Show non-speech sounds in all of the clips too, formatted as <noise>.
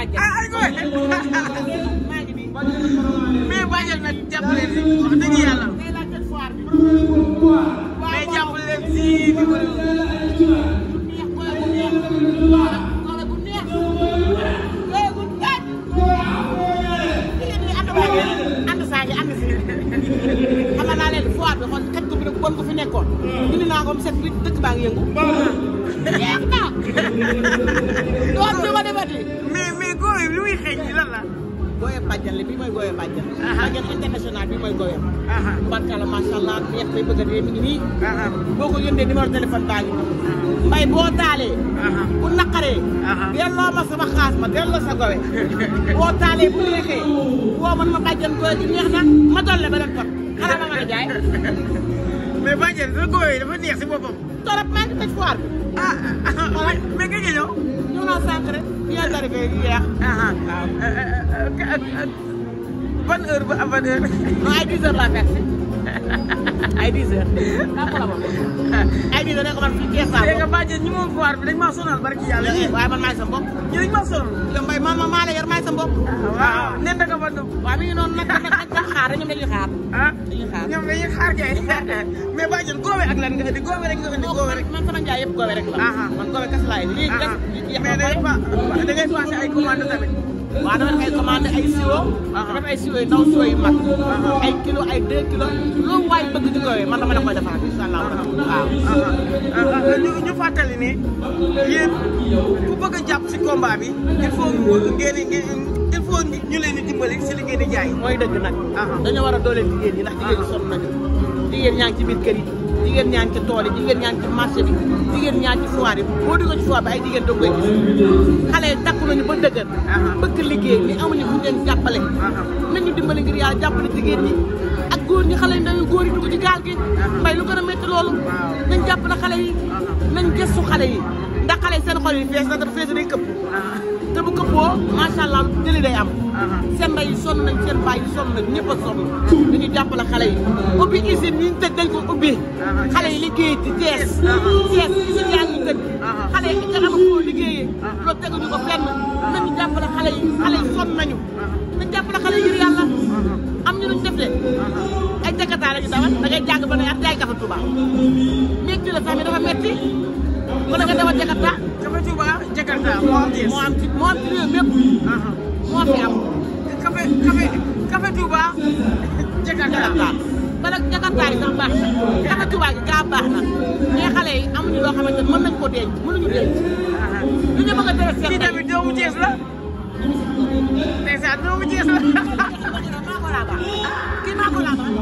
bàjjal. ah ay góor mais bàjjal nag jàppale leen wax dëgg yàlla. mais jàppale leen si niveau kon ko fi nekkoon. dindi naa ko mu set bi dëkk baa ngi yëngu. yeex na. doon bi ma demati. lu muy xeeñ lan la. gooyab bàjjan li bii mooy gooyab bàjjan. bàjjan international bi mooy gooyab. mbarkala macha allah ñett lay bëgg a dee mi ngi nii. boo ko yónnee numéro téléphone baa ngi nii. mbay boo taalee. bu naqaree. delloo ma sama xaas ma delloo sa gowe. boo taalee bu neexee. boo ma bàjjan gooy gi neex na ma dolle ba leen pot ma mën a jaay. <laughs> mais bàjjan sa gooy dafa neex si boppam. torop maa ngi tëj foire bi. ah ah, ah, ah ñu naan sànq rek yéen a rëggee yeex. waaw ban heure ba ban heure. non ay 10 heures laa fekk. ay 10 heures. ay 10 heures ne ko man fii kees laa nga bàjjee ñi moom foire bi dañ maa sonal barki yàlla. waaye man maay sa bopp. ñu dañ maa sonal. yow mbay ma maa la yar maay sa bopp. waaw nen da nga fa dugg. waaw mi ngi noonu nag nag nag xaar ñoom dañuy xaar. ah dañuy xaar ñoom dañuy xaar kay. mais bàjjen góobe ak lan nga indi góobe rek nga indi góobe rek. man sama njaay yëpp góobe rek la. man góobe kas laay. lii gas mais da ngay passé ay commande waaw dama def ay commandé ay siwo ah, ah. dama def ay siwo yu ndaw siwo yu mag ah, ay kilo ay deux kilo loolu waay bëgg di koy man dama la koy defaat incha allah waaw ñu ñu fàttali ni yéen ku bëgg a jàpp si combat bi il faut ngeen il faut ñu leen di dimbali si li ngeen di jaay mooy dëgg nag dañoo war a dooleel jigéen ñi ndax jigéen ñi sonn nañu jigéen ñaa ngi ci biir kër yi jigéen ñaa ngi ci tool yi jigéen ñaa ngi ci marché bi jigéen ñaa ngi ci foire yi boo duggee ci foire bi ay jigéen doo koy gis xale takku nañu ba dëgër liggéey ñi amuñu buñ leen jàppale nañu dimbale ngir yàlla jàppale jigéen ñi ak góor ñi xale yi ndaw góor yi dugg ci a métti loolu nañ xale yi nañ gëstu xale yi ndax xale yi seen xol yi fees na te fees day am seen ndey yi sonn nañ seen baay sonn nañ ñëpp a sonn dañu jàppale xale yi ubbi usine yi ñu tëj dañ ko ubbi xale yi liggéey ci Thiès Thiès usine yaa ngi tëj xale yi nga am koo liggéeyee loolu teguñu ko fenn xale yi xale yi sonn nañu nañ jàppale xale yi ngir am ñu luñ def ay jakarta la dawal da ngay jàng ba ne at gafa la nga dawal jakarta gafa Touba jakarta moo am ci moo am ci moo am ci réew fi am jakarta bala jakarta yi sax baax na gafa gi gaa baax na mais xale yi amuñu loo xamante mën nañ ko denc mënuñu denc li ñu bëgg tamit doomu la Dèjà doo mu jeex la. kii maa ko laabaan.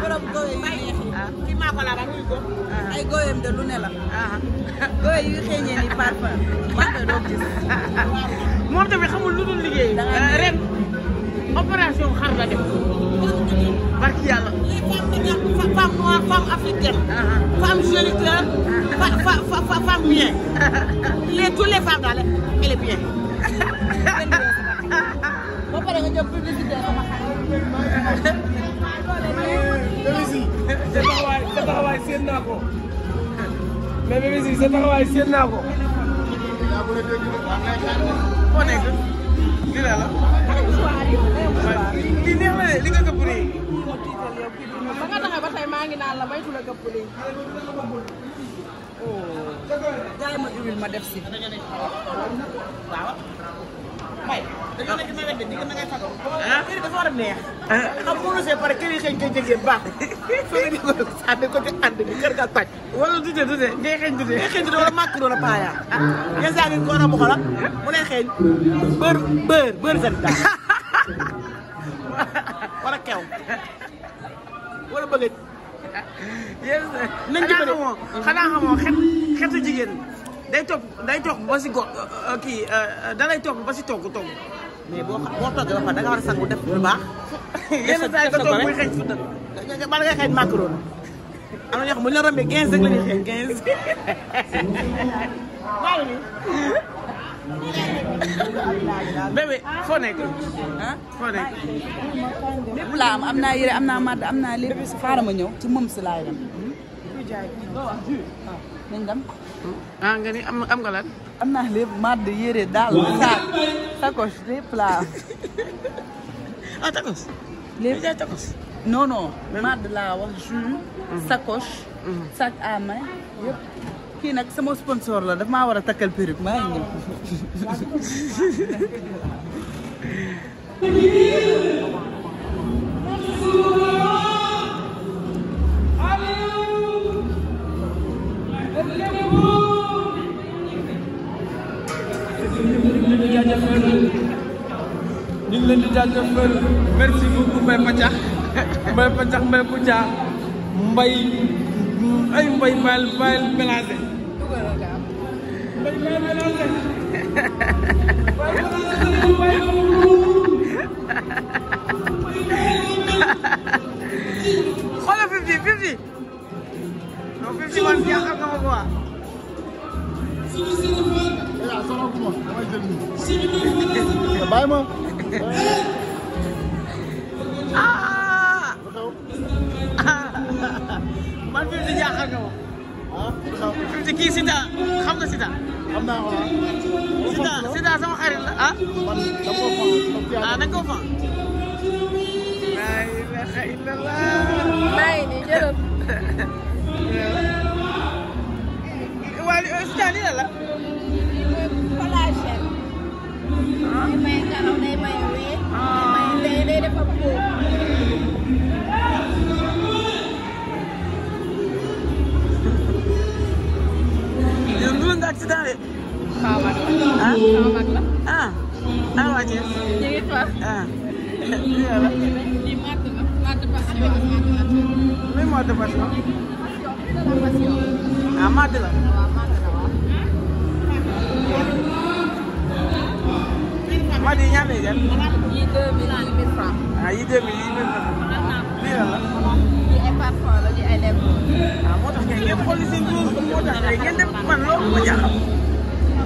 borom góoy yi kii maa ko laabaan muy góob. de lu ne la. góoy yu xeeñee ni parfum man tamit xamul lu dul liggéey. ren opération xar la def. barki yàlla. femme noire femme africaine. femme géniteur. femme bien. <laughs> les tous les femmes daal elle bien. ba pare nga jëm publicité sama xarit. taxawaay seet naa ko mais Bébé Sy sa taxawaay seet naa ko. foo nekk li la la. li neex na de li nga këpp nii. ba nga taxaw ba tey maa ngi naan la baytu la këpp nii. oh. jaay ma huile ma def si. waaw. may dañoo nekk kër ah? dafa war a neex. ah xam nga mosee pare kër ko ko ànd ko ci ànd bi kër ga pàcc. wala dute dute ngay xëy dute. ngay xëy dute wala màkk doon a paaya. ah yenn saa ko war a mu xoolal mu lay xëy bër bër bër wala kew wala bëgg. yéen nañ ci bëri xanaa xamoo xet jigéen. day togg day togg ba si go euh, kii euh, da lay togg ba si togg togg. mais boo boo toggee ba pare da nga war a sangu def lu baax. <laughs> yenn saa yi nga toog muy xëy fu dëkk. bala ngay xëy macaron. am na ñoo xam bu ñu la rombee 15 rek la ñuy xëy 15. baalu ni. bébé foo nekk. ah foo nekk. lépp laa am am naa yére am naa màdd am naa lépp xaaral ma ñëw ci moom si laay dem. jaay nañ dem. ah nga ni am am nga lan. am naa lépp màdd yére daal saak takos lépp laa am. ah takos. lépp jaay takos. non mhm. Mhm. kii nag sama sponsor la daf maa war a takkal perruque maa ngi ñëw. <laughs> jëmbal merci beaucoup Mbaye Pacah Mbaye Pacah Mbaye Koutia Mbaye ay Mbaye Mayel Mayel Mélangé Mbaye Mayel Mélangé xoolal Fifi Fifi non Fifi man jaaxal nga ma quoi bàyyi ma fi di jaaxal nga moom. ah fi kii Sida xam nga Sida. xam naa ko Sida Sida sama xarit la ah. man da nga koo fan. ah da nga koo fan. laa ilaaha illallaah. maa ngi nii jërëm. waa Sida lii la la. collage. ah day may karaw day may wéy. day may day day dafa boobu. sama makna ah tahu aja jadi apa ah iya lah di mata mata pasio ini mata pasio lah Moi, j'ai jamais gagné. Il 2000 francs. Ah, il 2000 francs. parfois, il y a un élève. Ah, moi, j'ai gagné pour les singles. Moi, j'ai gagné pour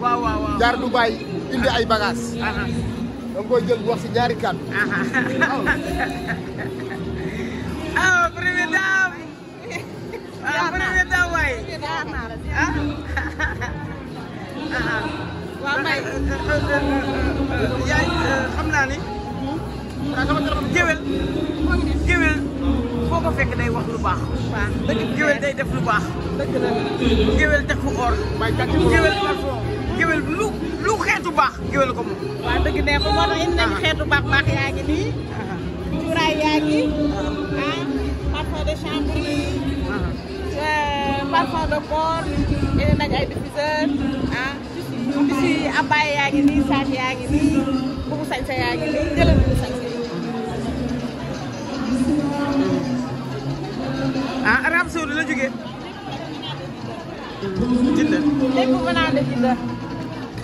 waaw waaw jaar Dubaay indi ay bagages. da nga koy jël wax si ñaari kàddu. <laughs> ah première dame. ah première dame waaye. ah. ah. waaw may. Ah, ah, yaay xam naa ne. géwél. géwél foo ko fekk day wax lu baax. waaw dëgg géwél day def lu baax. dëgg la géwél def lu or. may gàcce géwél parfum lu xeetu baax géwél ko moom waaw dëgg neexul moo tax indi nañ xeetu baax baax yaa ngi nii ah. cuuraay ah. ah parfum de chambre yi ah. euh, parfum de corps indi nañ ay diffuseur ah si abbaay yaa ngi nii saak yaa ngi nii bubu sañsa ah Arab Saoudi la jógee jëndal lépp mën def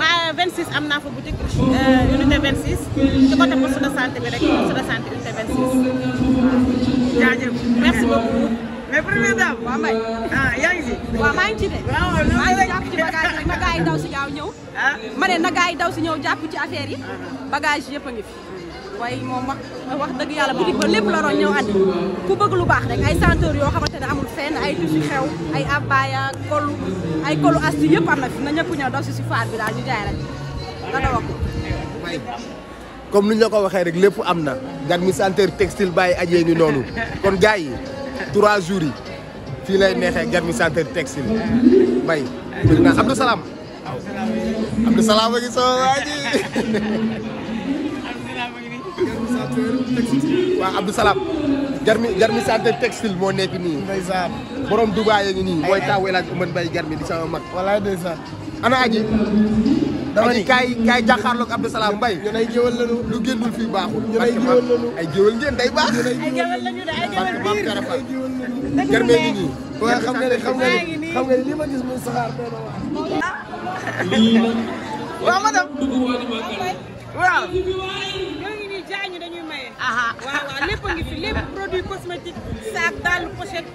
ma 26 am naa fa boutique euh, unité 26 ci côté poste de santé bi rek poste de santé unité 26. jaajëf merci beaucoup. mais première dame. waaw Mbaye ah yaa ngi ci. waaw maa ngi ci de. waaw maa ngi jàpp ci bagage yi daw si gaaw ñëw. ah ma na gars yi daw si ñëw jàpp ci affaire yi. Ah. bagage yëpp a fi. way moom wax wax dëgg yàlla boutique ba lépp la roon ñëw andi ku bëgg lu baax rek ay senteur yoo xamante ne amul fenn ay xew ay abaya kolu ay kolu astu yëpp am na na ñëpp ñëw dox si faar bi daal ñu rek la da wax comme ni la ko waxee rek lépp am na gan mi senteur textile bàyyi ajee ngi noonu kon gars yi trois jours yi fii lay neexee gan mi senteur textile bay bëgg naa Abdou Salam Abdou Salam <laughs> facteur textile. waaw Abdou Salam. Garmi Garmi santé textile moo nekk nii. ndeysaan Dubaay yi ngi nii. mooy taw El Hadj Oumar Garmi di sama mag. walaay ndeysaan. ana aji. dama ni kaay kaay jàkkaarloog Abdou Salam Mbaye. ñu lay géwél lañu. lu génnul fii baaxul. ñu lay géwél lañu ay géwél ngeen day baax. ñu lay ay géwél biir parce que maam Karafa. Garmi ngi nii. waaw xam nga ne xam nga ne xam nga ne ah. lii ma Ah, waaw waaw lépp a ngi fi lépp produit cosmétique sac daal pochette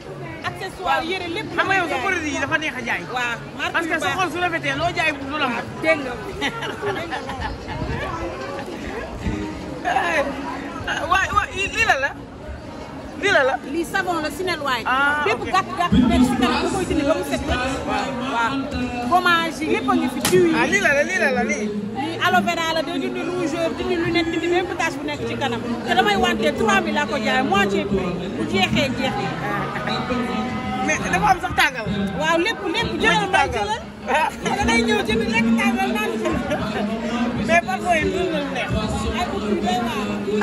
accessoire yére lépp xam nga yow sa produit yi dafa que sa xol su rafetee loo jaay lu la mën dégg nga waay waay lii la la lii la la lii savon la sinel waay aloe vera la day dindi rougeur dindi lunette dindi bépp tache bu nekk ci kanam te damay wante 3000 laa ko jaay moitié prix bu jeexee jeexee. mais dafa am sax tàngal. waaw lépp lépp jëlal ma jëlal. da ngay ñëw jënd rek tàngal naan mais parfum yi dund na neex.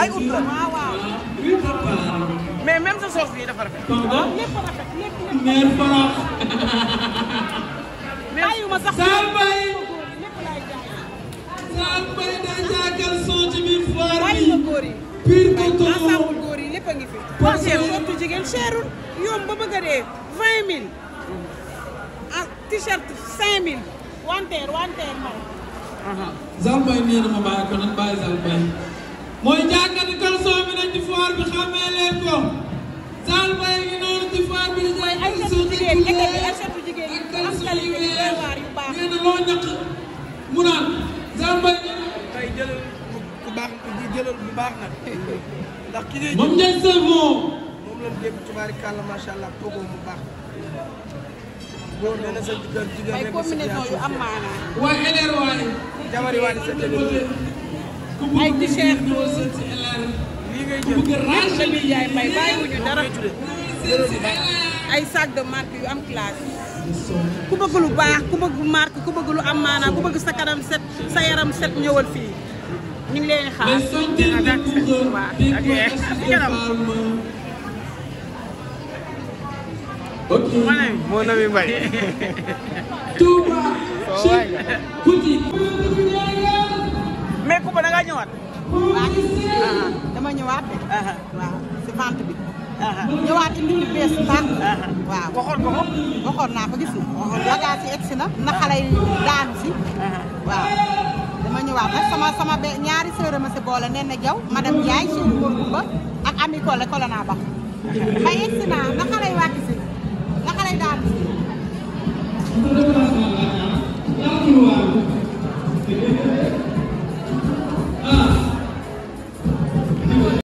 ay ut yu doy waar. ay ut la waaw waaw. mais même sa soos bi dafa rafet. waaw lépp rafet lépp lépp. mais bàyyiwuma sax. Saat Mbay daa jàngal soo ci biir foire bi biir koto ensemble góor yi lépp a ngi fi pas cher surtout jigéen cherul yomb ba bëgg a dee vingt mille ak ah, t-shirt cinq mille wanteer wanteer man Zal Mbay nee na ma bàyyi ko nag bàyyi Zal Mbay mooy jàngal kalson bi nag ci foire bi xamee leen ko Zal Mbay ngi noonu ci foire bi di jaay kalson jigéen ak kalson yu weex nee na loo ñaq mu naan Samba. tey jëlal ku bu baax nag. ndax ki ngay yu am maanaa. waaye waaye. jabari waaye sa jigéen. ay t ay sac de marque yu am classe. ku bëgg lu baax ku bëgg marque ku bëgg lu am ku bëgg sa set sa yaram set ñëwal fii ñu ngi leen xaar mon ami Mbaye <laughs> Touba oh, Cheikh Kouti mais Kumba da nga ñëwaat ah, dama ñëwaat ah, ah, waaw bi ñëwaat indi lu bees baax. waaw waxoon ko naa ko gis nga. waxoon bagage si na. na xale yi daanu si. waaw dama ñëwaat nag sama sama be ñaari sœur ma si boole nee na jaw madame Ndiaye Cheikh Kourkoumba ak Ami Collé Collé naa ba. may egg si yi wàcc si na yi daanu si.